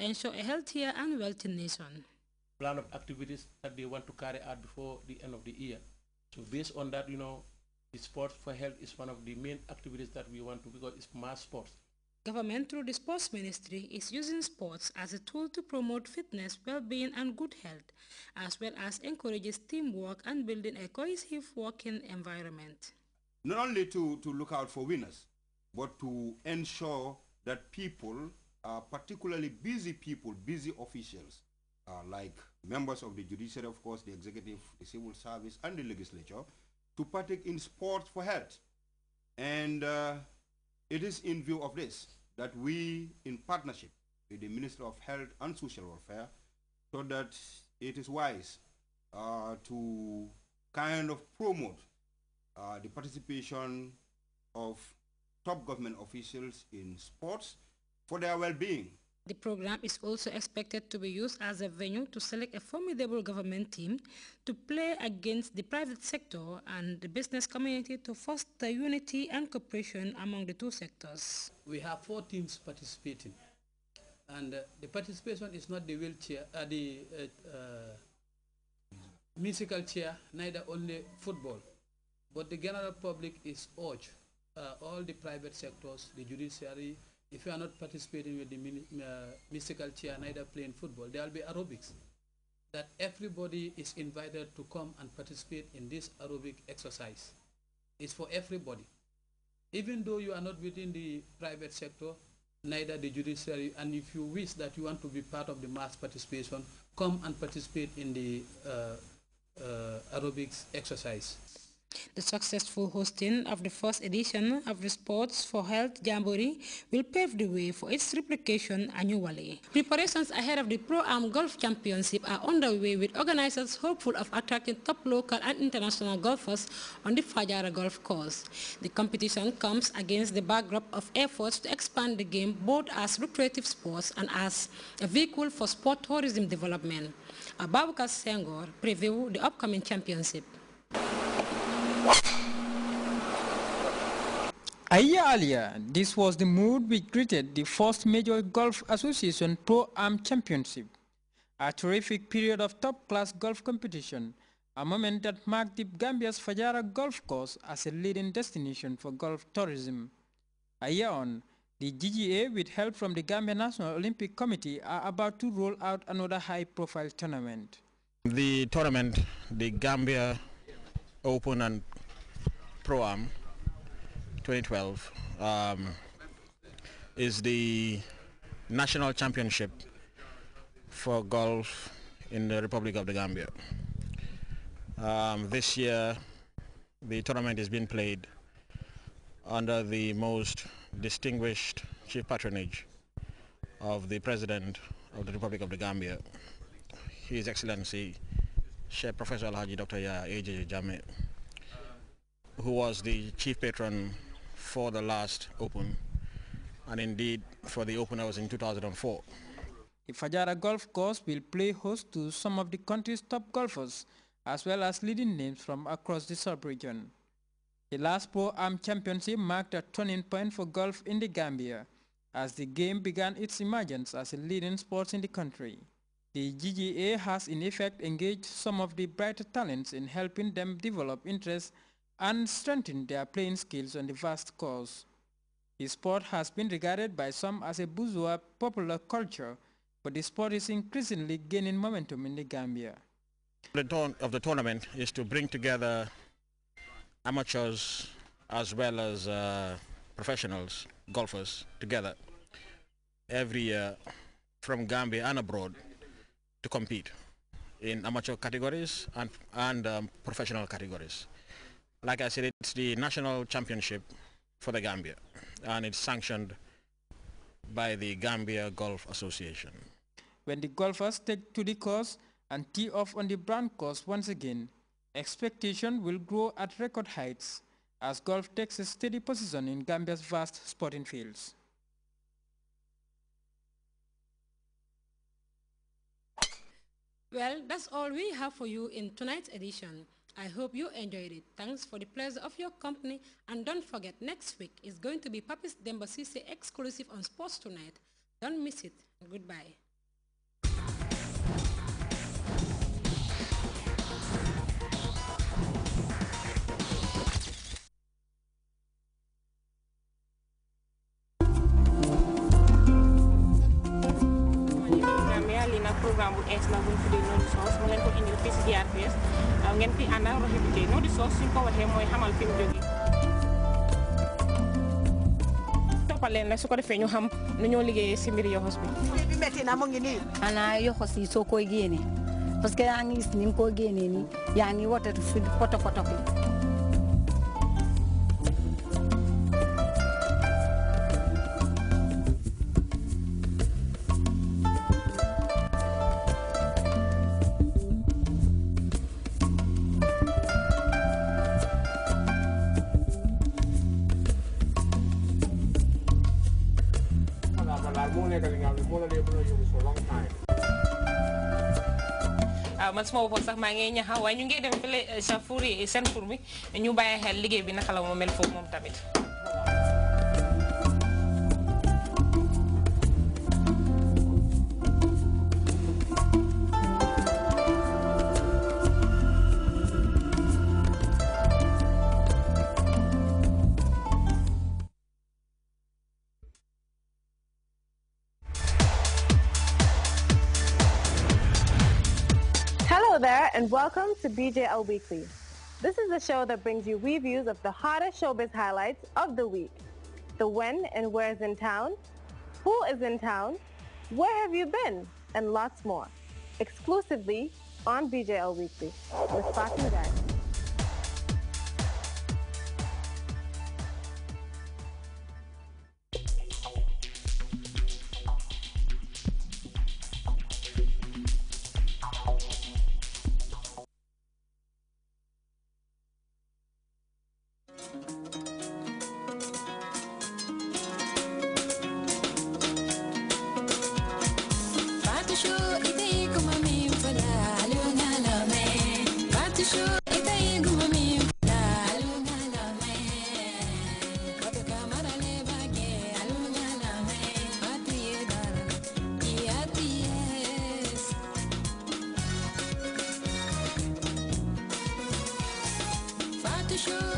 ensure a healthier and wealthy nation. Plan of activities that they want to carry out before the end of the year. So based on that, you know, the sports for health is one of the main activities that we want to because it's mass sports. Government through the sports ministry is using sports as a tool to promote fitness, well-being and good health, as well as encourages teamwork and building a cohesive working environment. Not only to, to look out for winners, but to ensure that people uh, particularly busy people, busy officials, uh, like members of the judiciary, of course, the executive, the civil service, and the legislature, to partake in sports for health. And uh, it is in view of this that we, in partnership with the Minister of Health and Social Welfare, thought that it is wise uh, to kind of promote uh, the participation of top government officials in sports for their well-being. The program is also expected to be used as a venue to select a formidable government team to play against the private sector and the business community to foster unity and cooperation among the two sectors. We have four teams participating and uh, the participation is not the wheelchair, uh, the uh, uh musical chair, neither only football, but the general public is urged, uh, all the private sectors, the judiciary, if you are not participating with the uh, mystical chair, neither playing football, there will be aerobics that everybody is invited to come and participate in this aerobic exercise. It's for everybody. Even though you are not within the private sector, neither the judiciary, and if you wish that you want to be part of the mass participation, come and participate in the uh, uh, aerobics exercise. The successful hosting of the first edition of the Sports for Health Jamboree will pave the way for its replication annually. Preparations ahead of the Pro-Am Golf Championship are underway with organizers hopeful of attracting top local and international golfers on the Fajara Golf Course. The competition comes against the backdrop of efforts to expand the game both as recreative sports and as a vehicle for sport tourism development. Ababukar Sengor previewed the upcoming championship. A year earlier, this was the mood which greeted the first major Golf Association Pro Am Championship, a terrific period of top-class golf competition, a moment that marked the Gambia's Fajara golf course as a leading destination for golf tourism. A year on, the GGA, with help from the Gambia National Olympic Committee, are about to roll out another high-profile tournament. The tournament, the Gambia Open and Pro-Am, 2012 um, is the national championship for golf in the Republic of the Gambia. Um, this year, the tournament is being played under the most distinguished chief patronage of the President of the Republic of the Gambia, His Excellency Chief Professor Alhaji Dr. Yaya Ajay Jame, who was the chief patron for the last Open and indeed for the Open I was in 2004. The Fajara Golf Course will play host to some of the country's top golfers as well as leading names from across the sub-region. The last Pro Am Championship marked a turning point for golf in the Gambia as the game began its emergence as a leading sport in the country. The GGA has in effect engaged some of the brighter talents in helping them develop interest and strengthen their playing skills on the vast course. The sport has been regarded by some as a bourgeois popular culture, but the sport is increasingly gaining momentum in the Gambia. The tone of the tournament is to bring together amateurs as well as uh, professionals, golfers, together every year from Gambia and abroad to compete in amateur categories and, and um, professional categories. Like I said, it's the national championship for the Gambia, and it's sanctioned by the Gambia Golf Association. When the golfers take to the course and tee off on the brand course once again, expectation will grow at record heights as golf takes a steady position in Gambia's vast sporting fields. Well, that's all we have for you in tonight's edition. I hope you enjoyed it. Thanks for the pleasure of your company and don't forget next week is going to be Papis Dembosisi exclusive on Sports Tonight. Don't miss it. Goodbye. programme bu ees la bu ñu tuddee Nodi Soos mu leen ko indil fii si GRTS ngeen fi àndal Rohey Biteye Nodi Soos suñ ko waxee mooy xamal fi mu jógee. toppal leen nag su ko defee ñu xam nu ñoo liggéeyee si mbiri yoxos bi. bi na mu ngi nii. xanaa yoxos yi soo ko génnee parce que yaa ngi gis ni nga génnee nii yaa ngi wotatu fi poto poto bi. waaw man su ma sax maa ngi ñaxa waaye ñu ngi dem fële euh, sa furi euh, seen fur mi ñu bàyyi xel liggéey bi naka la moo mel foofu moom tamit Hello there, and welcome to BJL Weekly. This is the show that brings you reviews of the hottest showbiz highlights of the week. The when and where is in town, who is in town, where have you been, and lots more. Exclusively on BJL Weekly with Fatima Dad. sure.